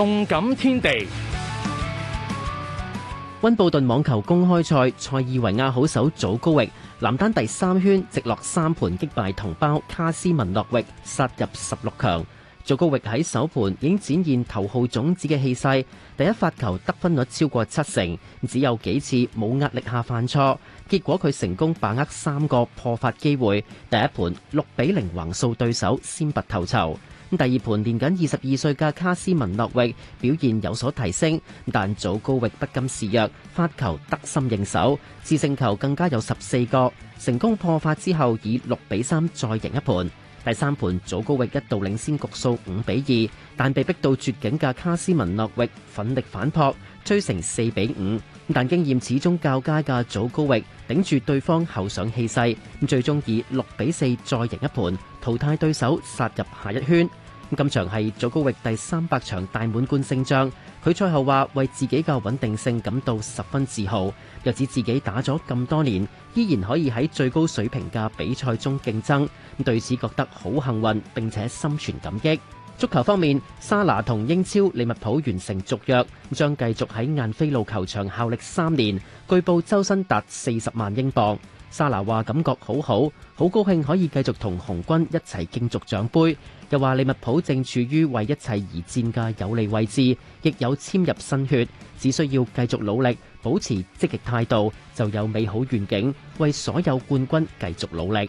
動感天地，溫布頓網球公開賽，塞爾維亞好手祖高域男單第三圈直落三盤擊敗同胞卡斯文諾域，殺入十六強。祖高域喺首盤已經展現頭號種子嘅氣勢，第一發球得分率超過七成，只有幾次冇壓力下犯錯，結果佢成功把握三個破發機會，第一盤六比零橫掃對手，先不，先拔頭籌。第二盤，年僅二十二歲嘅卡斯文諾域表現有所提升，但祖高域不甘示弱，發球得心應手，致勝球更加有十四個，成功破發之後以六比三再贏一盤。第三盤，祖高域一度領先局數五比二，但被逼到絕境嘅卡斯文諾域奮力反撲，追成四比五。但經驗始終較佳嘅祖高域頂住對方後上氣勢，最終以六比四再贏一盤，淘汰對手殺入下一圈。今場係祖高域第三百場大滿貫勝仗，佢賽後話為自己嘅穩定性感到十分自豪，又指自己打咗咁多年，依然可以喺最高水平嘅比賽中競爭，咁對此覺得好幸運並且心存感激。足球方面，沙拿同英超利物浦完成續約，咁將繼續喺晏菲路球場效力三年，據報周薪達四十萬英鎊。沙拿話：感覺好好，好高興可以繼續同紅軍一齊競逐獎杯。又話利物浦正處於為一切而戰嘅有利位置，亦有簽入新血，只需要繼續努力，保持積極態度，就有美好願景。為所有冠軍繼續努力。